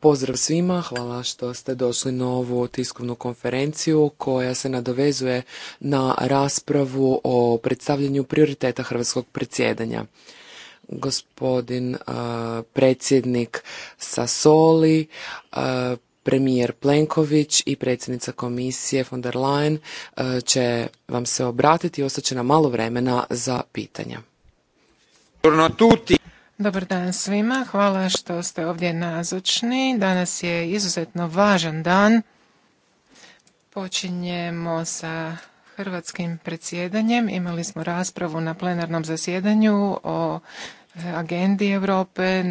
Pozdrav svima, hvala što ste došli na ovu tiskovnu konferenciju koja se nadovezuje na raspravu o predstavljanju prioriteta hrvatskog predsjedanja. Gospodin predsjednik Sasoli, premijer Plenković i predsjednica komisije von der Leyen će vam se obratiti i ostaće nam malo vremena za pitanja. Buongiorno a Dobar dan svima. Hvala što ste ovdje nazočni. Danas je izuzetno važan dan. Počinjemo sa hrvatskim predsjedanjem. Imali smo raspravu na plenarnom zasjedanju o agendi Europe,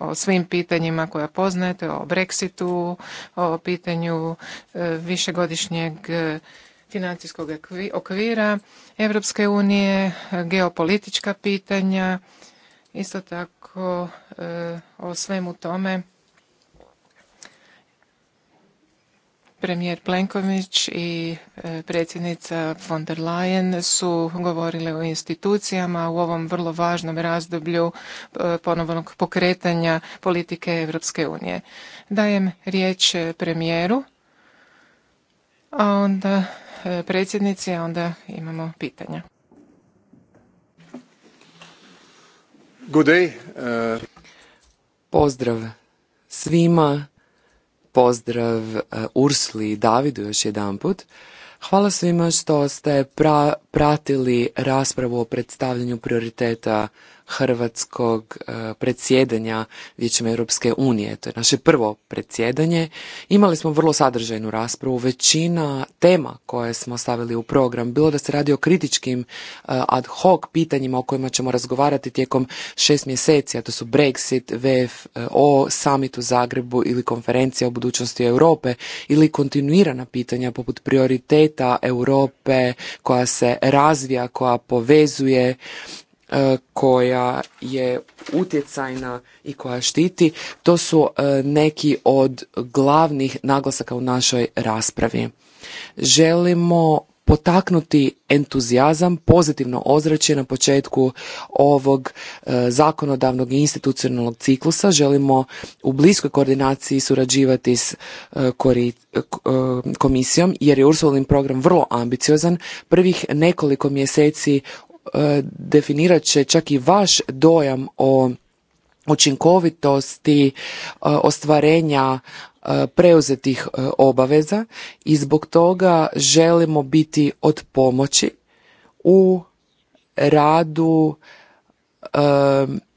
o svim pitanjima koja poznajete, o Brexitu, o pitanju e, višegodišnjeg e, financijskog okvira Europske unije, geopolitička pitanja Isto tako e, o svemu tome premijer Plenković i e, predsjednica von der Leyen su govorile o institucijama u ovom vrlo važnom razdoblju e, ponovnog pokretanja politike Europske unije. Dajem riječ premijeru, a onda predsjednici, a onda imamo pitanja. Good uh, Pozdrav svima, pozdrav uh, Ursli i Davidu još jedanput. Hvala svima što ste pratili raspravu o predstavljanju prioriteta hrvatskog e, predsjedanja Vijećem Europske unije. To je naše prvo predsjedanje. Imali smo vrlo sadržajnu raspravu. Većina tema koje smo stavili u program, bilo da se radi o kritičkim e, ad hoc pitanjima o kojima ćemo razgovarati tijekom šest mjeseci, a to su Brexit, VFO, summit u Zagrebu ili konferencija o budućnosti Europe ili kontinuirana pitanja poput prioriteta Europe koja se razvija, koja povezuje E, koja je utjecajna i koja štiti, to su e, neki od glavnih naglasaka u našoj raspravi. Želimo potaknuti entuzijazam, pozitivno ozračje na početku ovog e, zakonodavnog i institucionalnog ciklusa. Želimo u bliskoj koordinaciji surađivati s komisijom jer je Ursulin program vrlo ambiciozan. Prvih nekoliko mjeseci E, definirat će čak i vaš dojam o učinkovitosti e, ostvarenja e, preuzetih obaveza i zbog toga želimo biti od pomoći u radu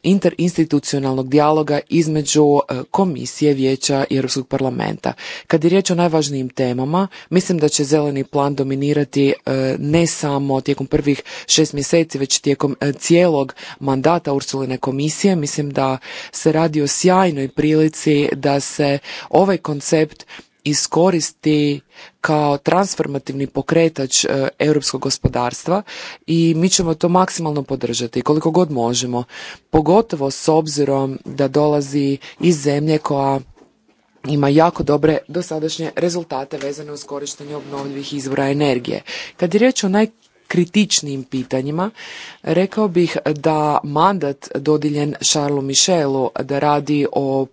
interinstitucionalnog dijaloga između e, komisije, vijeća i Europskog parlamenta. Kad je riječ o najvažnijim temama, mislim da će zeleni plan dominirati e, ne samo tijekom prvih šest mjeseci, već tijekom e, cijelog mandata Ursuline komisije. Mislim da se radi o sjajnoj prilici da se ovaj koncept iskoristi kao transformativni pokretač e, europskog gospodarstva i mi ćemo to maksimalno podržati koliko god možemo, pogotovo s obzirom da dolazi iz zemlje koja ima jako dobre dosadašnje rezultate vezane uz korištenje obnovljivih izvora energije. Kad je riječ o naj kritičnim pitanjima. Rekao bih da mandat dodijeljen Charlesu Michelu da radi o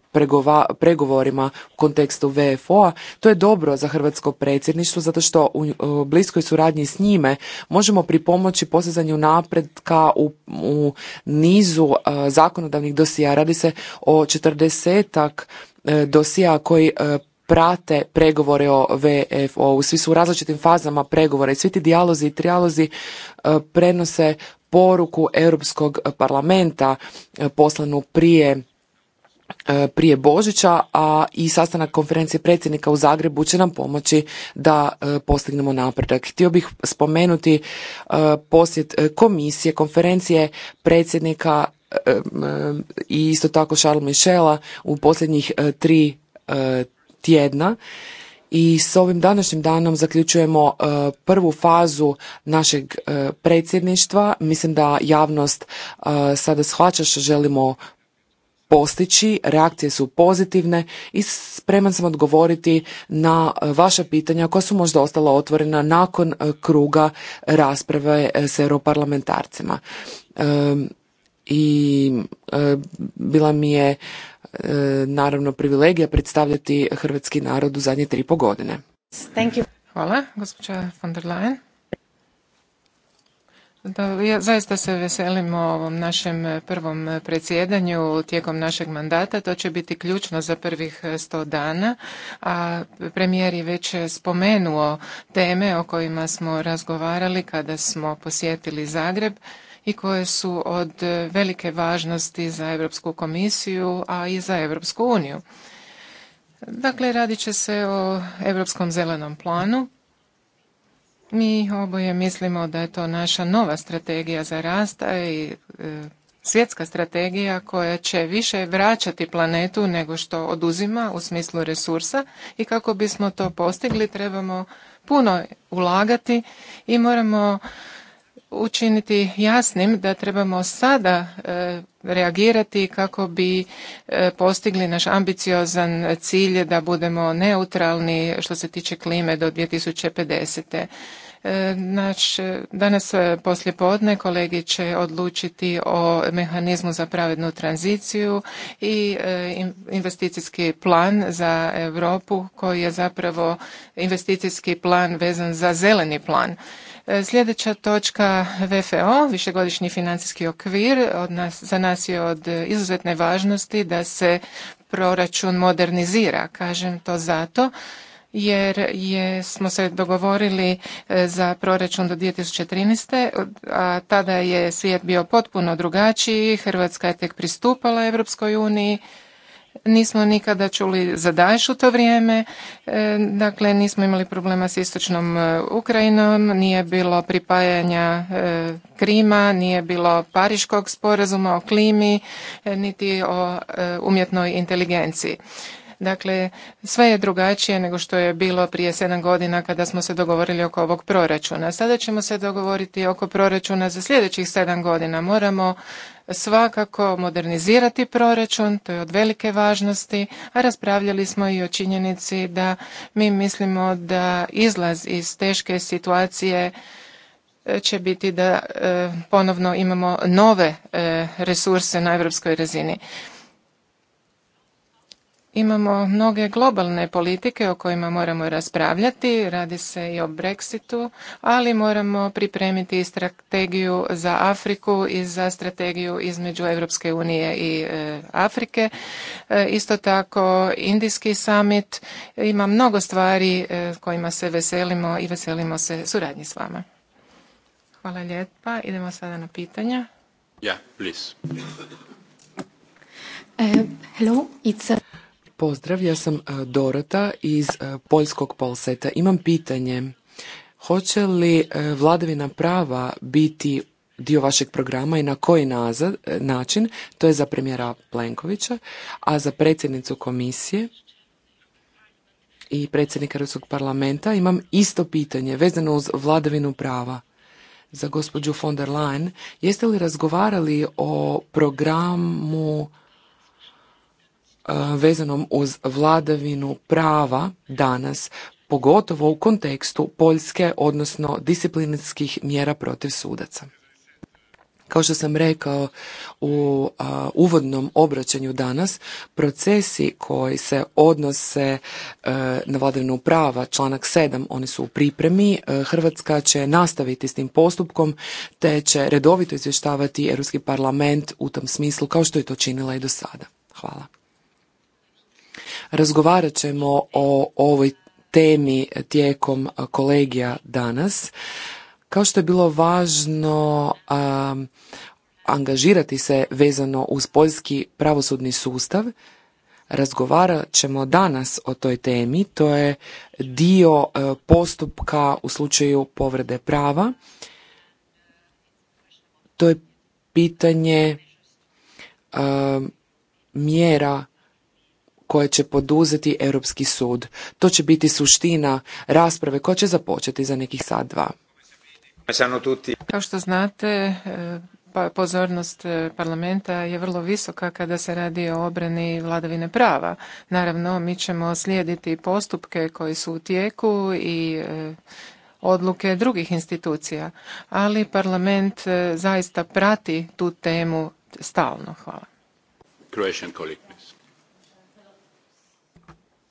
pregovorima u kontekstu VFO-a, to je dobro za hrvatsko predsjedništvo zato što u, bliskoj suradnji s njime možemo pripomoći postizanju napretka u, u nizu e, zakonodavnih dosija. Radi se o četrdesetak e, dosija koji e, prate pregovore o vfo Svi su u različitim fazama pregovora i svi ti dijalozi i trijalozi e, prenose poruku Europskog parlamenta e, poslanu prije e, prije Božića, a i sastanak konferencije predsjednika u Zagrebu će nam pomoći da postignemo napredak. Htio bih spomenuti posjet komisije, konferencije predsjednika i isto tako Charles Michela u posljednjih tri tjedna i s ovim današnjim danom zaključujemo e, prvu fazu našeg e, predsjedništva. Mislim da javnost e, sada shvaća što želimo postići, reakcije su pozitivne i spreman sam odgovoriti na vaša pitanja koja su možda ostala otvorena nakon kruga rasprave s europarlamentarcima. I bila mi je E, naravno privilegija predstavljati hrvatski narod u zadnje tri godine. Hvala, gospođa von der Leyen. ja zaista se veselimo ovom našem prvom predsjedanju tijekom našeg mandata. To će biti ključno za prvih sto dana. A premijer je već spomenuo teme o kojima smo razgovarali kada smo posjetili Zagreb i koje su od e, velike važnosti za Europsku komisiju, a i za Europsku uniju. Dakle, radit će se o Europskom zelenom planu. Mi oboje mislimo da je to naša nova strategija za rast i e, svjetska strategija koja će više vraćati planetu nego što oduzima u smislu resursa i kako bismo to postigli trebamo puno ulagati i moramo učiniti jasnim da trebamo sada e, reagirati kako bi e, postigli naš ambiciozan cilj da budemo neutralni što se tiče klime do 2050. E, naš, danas poslje podne kolegi će odlučiti o mehanizmu za pravednu tranziciju i investicijski plan za Europu koji je zapravo investicijski plan vezan za zeleni plan. Sljedeća točka VFO, višegodišnji financijski okvir, za nas je od izuzetne važnosti da se proračun modernizira. Kažem to zato jer je, smo se dogovorili e, za proračun do 2013. a tada je svijet bio potpuno drugačiji, Hrvatska je tek pristupala Europskoj uniji nismo nikada čuli za u to vrijeme, e, dakle nismo imali problema s istočnom e, Ukrajinom, nije bilo pripajanja e, Krima, nije bilo Pariškog sporazuma o klimi, niti o umjetnoj inteligenciji. Dakle, sve je drugačije nego što je bilo prije sedam godina kada smo se dogovorili oko ovog proračuna. Sada ćemo se dogovoriti oko proračuna za sljedećih sedam godina. Moramo svakako modernizirati proračun, to je od velike važnosti, a raspravljali smo i o činjenici da mi mislimo da izlaz iz teške situacije e, će biti da e, ponovno imamo nove e, resurse na europskoj razini. Imamo mnoge globalne politike o kojima moramo raspravljati, radi se i o Brexitu, ali moramo pripremiti i strategiju za Afriku i za strategiju između Europske unije i e, Afrike. E, isto tako Indijski summit ima mnogo stvari e, kojima se veselimo i veselimo se suradnji s vama. Hvala lijepa. Idemo sada na pitanja. Ja, please. Uh, hello, it's a... Uh, Pozdrav, ja sam e, Dorota iz e, Poljskog polseta. Imam pitanje. Hoće li e, vladavina prava biti dio vašeg programa i na koji način? To je za premijera Plenkovića, a za predsjednicu komisije i predsjednika Ruskog parlamenta imam isto pitanje vezano uz vladavinu prava za gospođu von der Leyen. Jeste li razgovarali o programu E, vezanom uz vladavinu prava danas, pogotovo u kontekstu Poljske, odnosno disciplinskih mjera protiv sudaca. Kao što sam rekao u e, uvodnom obraćanju danas, procesi koji se odnose e, na vladavinu prava, članak 7, oni su u pripremi. Hrvatska će nastaviti s tim postupkom te će redovito izvještavati Europski parlament u tom smislu kao što je to činila i do sada. Hvala. Razgovarat ćemo o ovoj temi tijekom kolegija danas. Kao što je bilo važno angažirati se vezano uz poljski pravosudni sustav, razgovarat ćemo danas o toj temi. To je dio postupka u slučaju povrede prava. To je pitanje mjera koje će poduzeti Europski sud. To će biti suština rasprave koja će započeti za nekih sat dva. Kao što znate, e, pa pozornost e, parlamenta je vrlo visoka kada se radi o obrani vladavine prava. Naravno, mi ćemo slijediti postupke koji su u tijeku i e, odluke drugih institucija, ali parlament zaista prati tu temu stalno. Hvala. Croatian colleague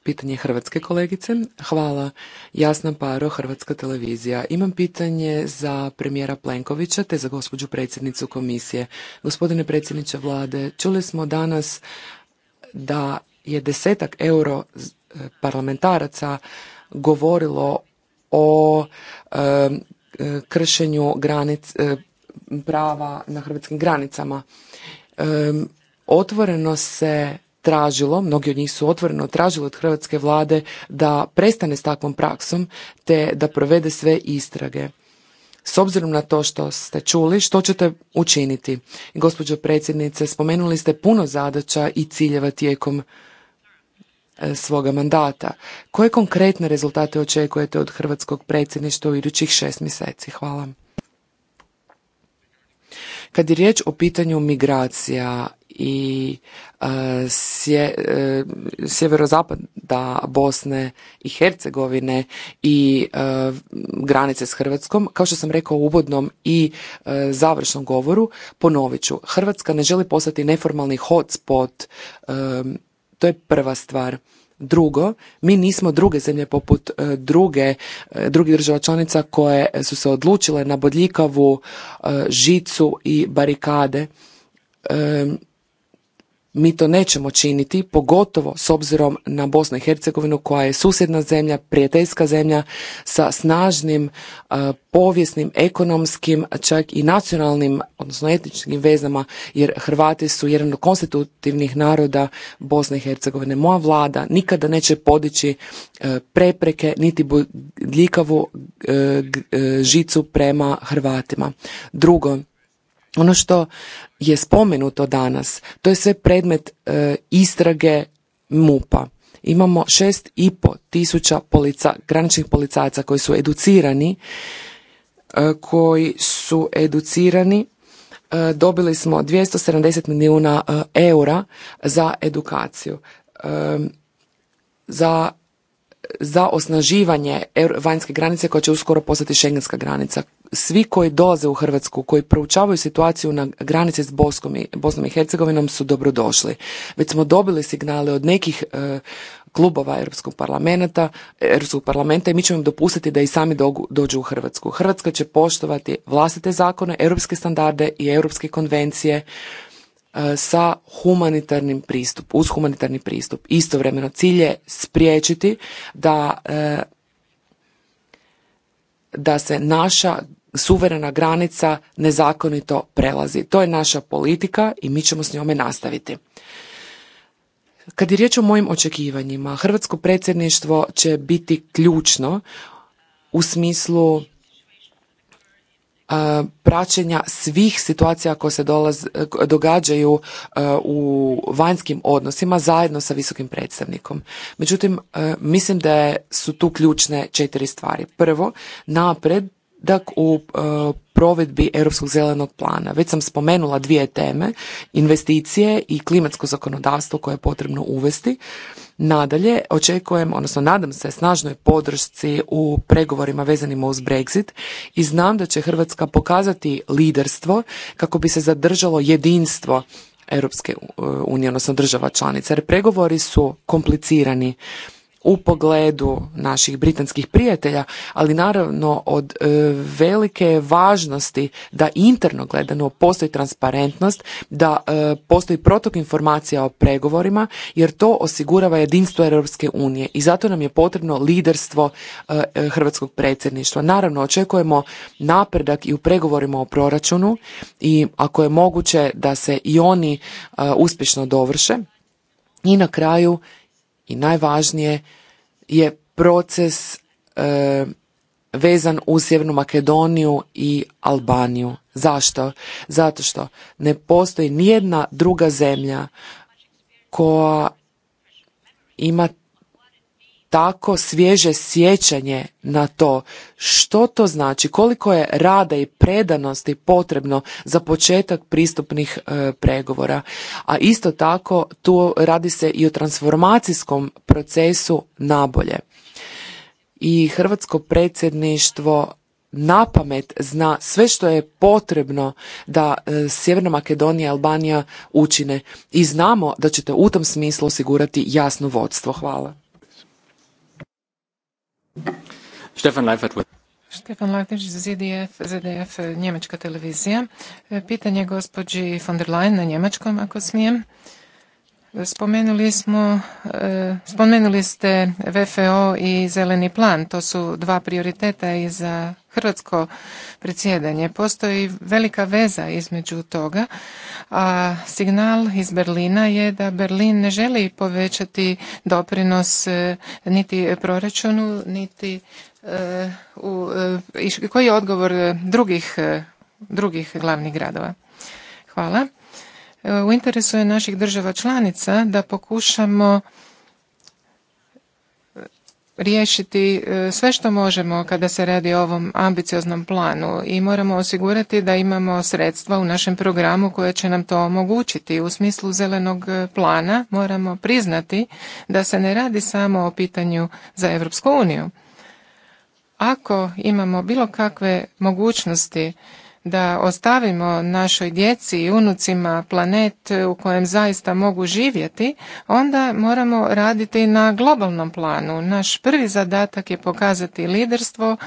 pitanje hrvatske kolegice. Hvala. Jasna Paro, Hrvatska televizija. Imam pitanje za premijera Plenkovića te za gospođu predsjednicu komisije. Gospodine predsjedniče vlade, čuli smo danas da je desetak euro e, parlamentaraca govorilo o e, kršenju e, prava na hrvatskim granicama. otvoreno se tražilo, mnogi od njih su otvoreno tražili od hrvatske vlade da prestane s takvom praksom te da provede sve istrage. S obzirom na to što ste čuli, što ćete učiniti? Gospođo predsjednice, spomenuli ste puno zadaća i ciljeva tijekom e, svoga mandata. Koje konkretne rezultate očekujete od hrvatskog predsjedništva u idućih šest mjeseci? Hvala. Kad je riječ o pitanju migracija i e, sje, e, sjeverozapada Bosne i Hercegovine i e, granice s Hrvatskom, kao što sam rekao u uvodnom i završnom govoru, ponovit ću, Hrvatska ne želi postati neformalni hotspot, to je prva stvar. Drugo, mi nismo druge zemlje poput druge, drugih država članica koje su se odlučile na bodljikavu žicu i barikade mi to nećemo činiti, pogotovo s obzirom na Bosnu i Hercegovinu koja je susjedna zemlja, prijateljska zemlja sa snažnim e, povijesnim, ekonomskim, čak i nacionalnim, odnosno etničkim vezama, jer Hrvati su jedan od konstitutivnih naroda Bosne i Hercegovine. Moja vlada nikada neće podići e, prepreke, niti budljikavu e, žicu prema Hrvatima. Drugo, ono što je spomenuto danas to je sve predmet e, istrage mupa imamo šest i po tisuća polica, graničnih policajaca koji su educirani e, koji su educirani e, dobili smo 270 milijuna e, eura za edukaciju za za osnaživanje vanjske granice koja će uskoro postati šengenska granica. Svi koji dolaze u Hrvatsku, koji proučavaju situaciju na granici s Boskom i, Bosnom i Hercegovinom su dobrodošli. Već smo dobili signale od nekih e, klubova Europskog parlamenta, Europskog parlamenta i mi ćemo im dopustiti da i sami dođu u Hrvatsku. Hrvatska će poštovati vlastite zakone, europske standarde i europske konvencije E, sa humanitarnim pristup, uz humanitarni pristup. Istovremeno cilj je spriječiti da, e, da se naša suverena granica nezakonito prelazi. To je naša politika i mi ćemo s njome nastaviti. Kad je riječ o mojim očekivanjima, hrvatsko predsjedništvo će biti ključno u smislu E, praćenja svih situacija koje se dolaz, e, događaju e, u vanjskim odnosima zajedno sa visokim predstavnikom. Međutim, mislim da su tu ključne četiri stvari. Prvo, napredak u provedbi Europskog zelenog plana. Već sam spomenula dvije teme, investicije i klimatsko zakonodavstvo koje je potrebno uvesti Nadalje, očekujem, odnosno nadam se snažnoj podršci u pregovorima vezanima uz Brexit i znam da će Hrvatska pokazati liderstvo kako bi se zadržalo jedinstvo Europske unije, odnosno država članica, jer pregovori su komplicirani u pogledu naših britanskih prijatelja, ali naravno od e, velike važnosti da interno gledano postoji transparentnost, da e, postoji protok informacija o pregovorima jer to osigurava jedinstvo Europske unije i zato nam je potrebno liderstvo e, hrvatskog predsjedništva. Naravno očekujemo napredak i u pregovorima o proračunu i ako je moguće da se i oni uspješno dovrše. I na kraju i najvažnije je proces e, vezan uz Sjevernu Makedoniju i Albaniju. Zašto? Zato što ne postoji nijedna druga zemlja koja ima tako svježe sjećanje na to što to znači, koliko je rada i predanosti potrebno za početak pristupnih e, pregovora. A isto tako tu radi se i o transformacijskom procesu nabolje. I hrvatsko predsjedništvo na pamet zna sve što je potrebno da e, Sjeverna Makedonija i Albanija učine i znamo da ćete u tom smislu osigurati jasno vodstvo. Hvala. Stefan Leifert. Stefan Leifert, ZDF, ZDF, njemačka televizija. E, pitanje gospođi von der Leyen na njemačkom, ako smijem. Spomenuli smo, e, spomenuli ste VFO i zeleni plan. To su dva prioriteta i za hrvatsko predsjedanje. Postoji velika veza između toga, a signal iz Berlina je da Berlin ne želi povećati doprinos e, niti proračunu, niti e, u, e, koji je odgovor drugih, drugih glavnih gradova. Hvala. U interesu je naših država članica da pokušamo riješiti e, sve što možemo kada se radi o ovom ambicioznom planu i moramo osigurati da imamo sredstva u našem programu koje će nam to omogućiti. U smislu zelenog e, plana moramo priznati da se ne radi samo o pitanju za Europsku uniju. Ako imamo bilo kakve mogućnosti da ostavimo našoj djeci i unucima planet u kojem zaista mogu živjeti, onda moramo raditi na globalnom planu. Naš prvi zadatak je pokazati liderstvo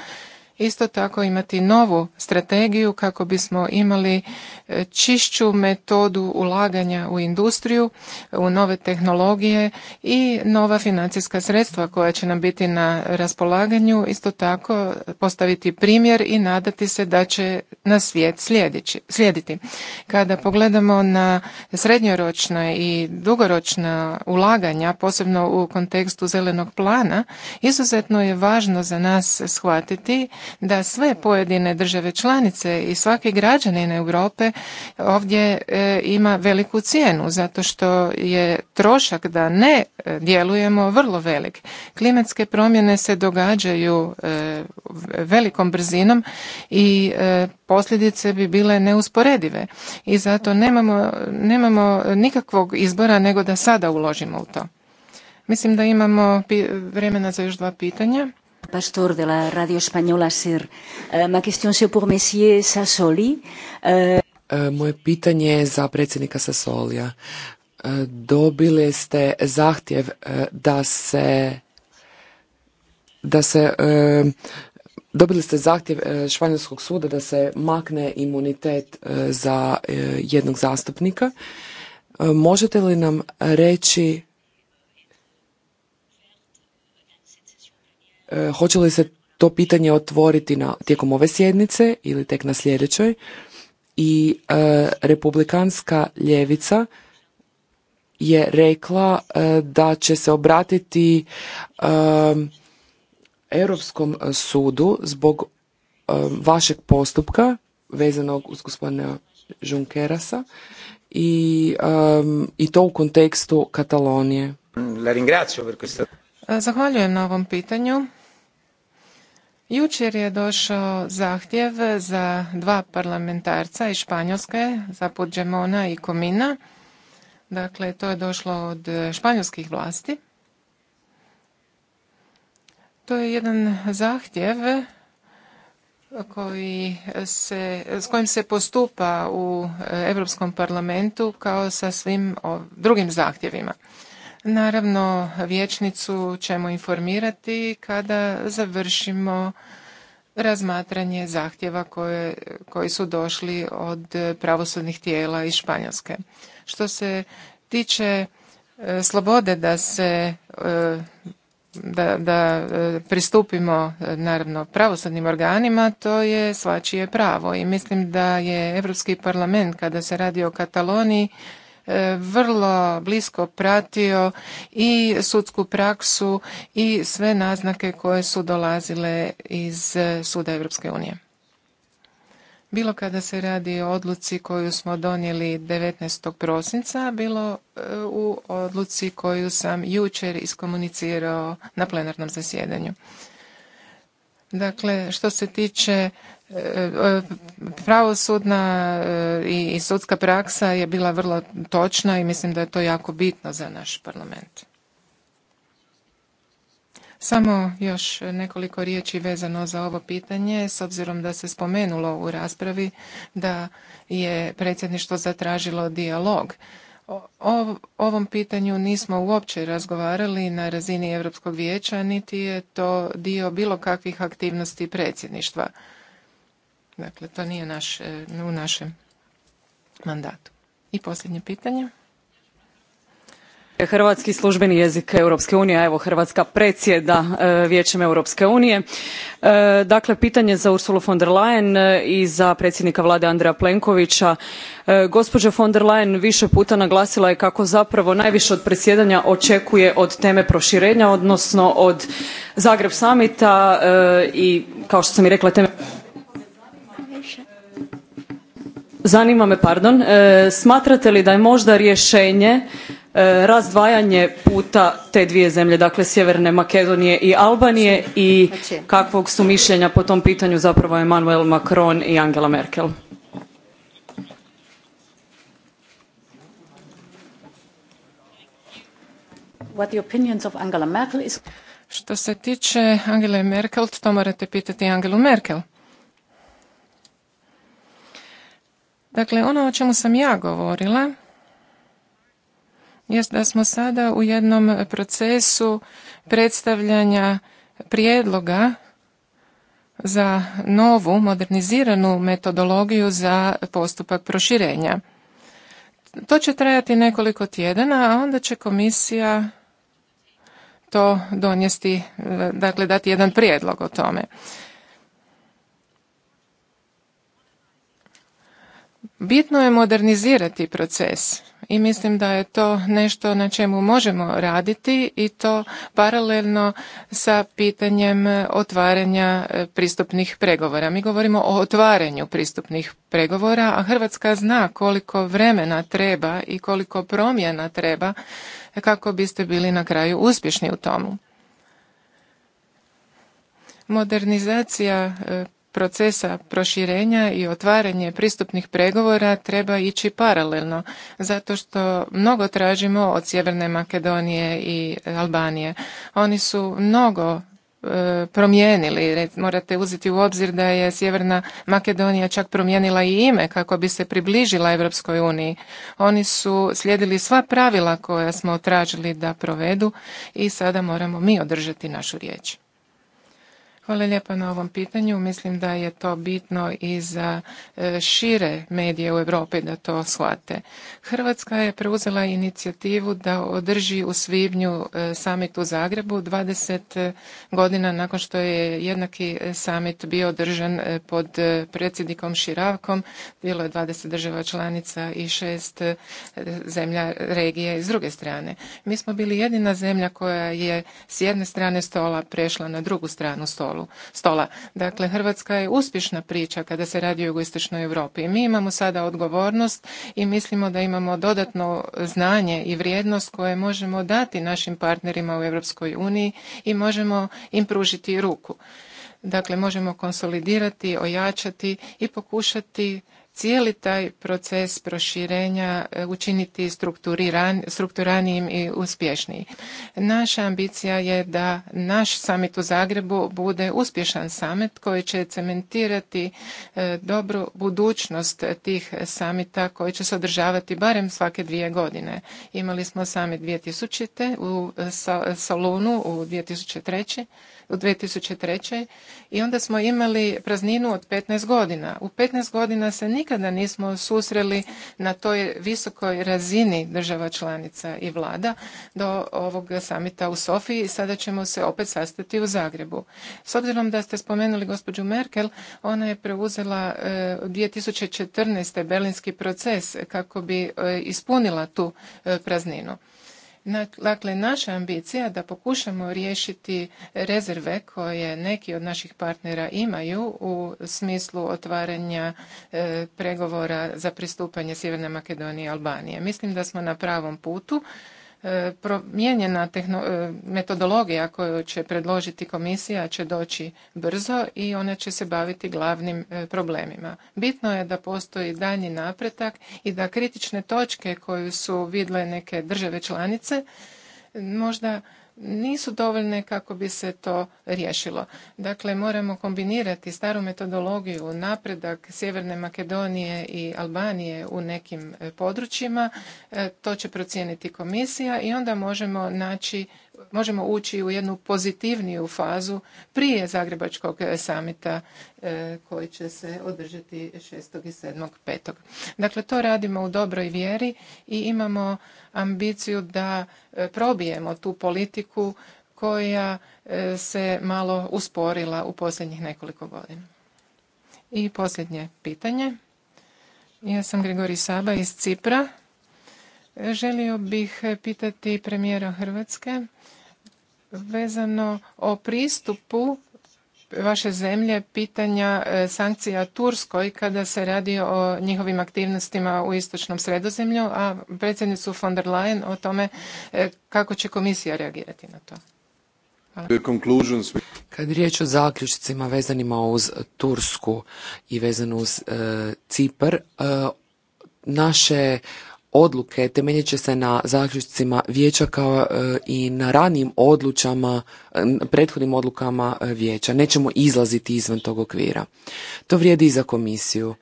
isto tako imati novu strategiju kako bismo imali e, čišću metodu ulaganja u industriju, u nove tehnologije i nova financijska sredstva koja će nam biti na raspolaganju, isto tako postaviti primjer i nadati se da će na svijet slijediti. Kada pogledamo na srednjoročna i dugoročna ulaganja, posebno u kontekstu zelenog plana, izuzetno je važno za nas shvatiti da sve pojedine države članice i svaki građanin Europe ovdje e, ima veliku cijenu zato što je trošak da ne e, djelujemo vrlo velik. Klimatske promjene se događaju e, velikom brzinom i posljedice bi bile neusporedive i zato nemamo, nemamo nikakvog izbora nego da sada uložimo u to. Mislim da imamo vremena za još dva pitanja. Pastor de la radio española SER. Eh, ma question c'est pour monsieur Sassoli. Eh, eh, moje pitanje je za predsjednika Sassolija. Dobili ste zahtjev da se da se dobili ste zahtjev španjolskog suda da se makne imunitet za jednog zastupnika. Možete li nam reći E, hoće li se to pitanje otvoriti na, tijekom ove sjednice ili tek na sljedećoj? I e, republikanska ljevica je rekla e, da će se obratiti Europskom sudu zbog vašeg postupka vezanog uz gospodina Junkerasa i, i to u kontekstu Katalonije. Zahvaljujem na ovom pitanju. Jučer je došao zahtjev za dva parlamentarca iz Španjolske, za Puigdemona i Komina. Dakle, to je došlo od španjolskih vlasti. To je jedan zahtjev koji se, s kojim se postupa u Europskom parlamentu kao sa svim drugim zahtjevima. Naravno, vječnicu ćemo informirati kada završimo razmatranje zahtjeva koji su došli od pravosudnih tijela iz Španjolske. Što se tiče e, slobode da se e, da, da e, pristupimo naravno pravosudnim organima, to je svačije pravo i mislim da je Europski parlament kada se radi o Kataloniji E, vrlo blisko pratio i sudsku praksu i sve naznake koje su dolazile iz e, Suda Europske unije. Bilo kada se radi o odluci koju smo donijeli 19. prosinca, bilo e, u odluci koju sam jučer iskomunicirao na plenarnom zasjedanju. Dakle, što se tiče E, e, pravosudna e, i sudska praksa je bila vrlo točna i mislim da je to jako bitno za naš parlament. Samo još nekoliko riječi vezano za ovo pitanje, s obzirom da se spomenulo u raspravi da je predsjedništvo zatražilo dijalog. O ovom pitanju nismo uopće razgovarali na razini Europskog vijeća, niti je to dio bilo kakvih aktivnosti predsjedništva. Dakle, to nije naš, e, u našem mandatu. I posljednje pitanje. Hrvatski službeni jezik Europske unije, a evo Hrvatska predsjeda e, Vijećem Europske unije. E, dakle, pitanje za Ursulu von der Leyen i za predsjednika vlade Andreja Plenkovića. Gospođa von der Leyen više puta naglasila je kako zapravo najviše od predsjedanja očekuje od teme proširenja, odnosno od Zagreb samita i kao što sam i rekla teme zanima me pardon e, smatrate li da je možda rješenje e, razdvajanje puta te dvije zemlje dakle sjeverne makedonije i albanije i znači. kakvog su mišljenja po tom pitanju zapravo emmanuel macron i angela merkel? Što se tiče Angele Merkel, to morate pitati Angelu Merkel. Dakle, ono o čemu sam ja govorila jest da smo sada u jednom procesu predstavljanja prijedloga za novu moderniziranu metodologiju za postupak proširenja. To će trajati nekoliko tjedana, a onda će komisija to donijeti, dakle dati jedan prijedlog o tome. Bitno je modernizirati proces i mislim da je to nešto na čemu možemo raditi i to paralelno sa pitanjem otvaranja e, pristupnih pregovora. Mi govorimo o otvaranju pristupnih pregovora, a Hrvatska zna koliko vremena treba i koliko promjena treba kako biste bili na kraju uspješni u tomu. Modernizacija e, procesa proširenja i otvaranje pristupnih pregovora treba ići paralelno, zato što mnogo tražimo od Sjeverne Makedonije i Albanije. Oni su mnogo e, promijenili. Morate uzeti u obzir da je Sjeverna Makedonija čak promijenila i ime kako bi se približila Europskoj uniji. Oni su slijedili sva pravila koja smo tražili da provedu i sada moramo mi održati našu riječ. Hvala lijepa na ovom pitanju. Mislim da je to bitno i za e, šire medije u Europi da to shvate. Hrvatska je preuzela inicijativu da održi u svibnju e, summit u Zagrebu 20 e, godina nakon što je jednaki summit bio održan pod predsjednikom Širavkom. Bilo je 20 država članica i šest zemlja regije s druge strane. Mi smo bili jedina zemlja koja je s jedne strane stola prešla na drugu stranu stola stola. Dakle, Hrvatska je uspješna priča kada se radi o jugoistočnoj Europi. Mi imamo sada odgovornost i mislimo da imamo dodatno znanje i vrijednost koje možemo dati našim partnerima u Europskoj uniji i možemo im pružiti ruku. Dakle, možemo konsolidirati, ojačati i pokušati cijeli taj proces proširenja e, učiniti strukturanijim i uspješniji. Naša ambicija je da naš samit u Zagrebu bude uspješan samit koji će cementirati e, dobru budućnost tih samita koji će se održavati barem svake dvije godine. Imali smo samit 2000. u e, Solunu u 2003 u 2003. i onda smo imali prazninu od 15 godina. U 15 godina se nije nikada nismo susreli na toj visokoj razini država članica i vlada do ovog samita u Sofiji i sada ćemo se opet sastati u Zagrebu. S obzirom da ste spomenuli gospođu Merkel, ona je preuzela 2014. E, berlinski proces kako bi e, ispunila tu e, prazninu. Dakle, naša ambicija da pokušamo riješiti rezerve koje neki od naših partnera imaju u smislu otvaranja e, pregovora za pristupanje Sjeverne Makedonije i Albanije. Mislim da smo na pravom putu E, promijenjena e, metodologija koju će predložiti komisija će doći brzo i ona će se baviti glavnim e, problemima. Bitno je da postoji daljnji napretak i da kritične točke koju su vidle neke države članice možda nisu dovoljne kako bi se to riješilo. Dakle, moramo kombinirati staru metodologiju, napredak Sjeverne Makedonije i Albanije u nekim područjima, e, to će procijeniti komisija i onda možemo naći možemo ući u jednu pozitivniju fazu prije Zagrebačkog e, samita e, koji će se održati 6. i 7. petog. Dakle, to radimo u dobroj vjeri i imamo ambiciju da e, probijemo tu politiku koja se malo usporila u posljednjih nekoliko godina. I posljednje pitanje. Ja sam Grigori Saba iz Cipra. Želio bih pitati premijera Hrvatske vezano o pristupu vaše zemlje pitanja e, sankcija Turskoj kada se radi o njihovim aktivnostima u istočnom sredozemlju, a predsjednicu von der Leyen o tome e, kako će komisija reagirati na to. Kad riječ o zaključcima vezanima uz Tursku i vezano uz Cipr, e, Cipar, naše odluke temeljit će se na zaključcima vijeća kao e, i na ranijim odlučama, e, prethodnim odlukama e, vijeća. Nećemo izlaziti izvan tog okvira. To vrijedi i za komisiju.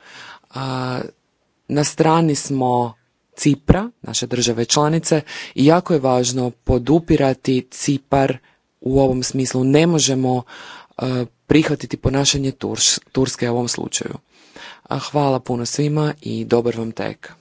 Na strani smo Cipra, naše države članice, i jako je važno podupirati Cipar u ovom smislu. Ne možemo prihvatiti ponašanje Turske u ovom slučaju. Hvala puno svima i dobar vam tek.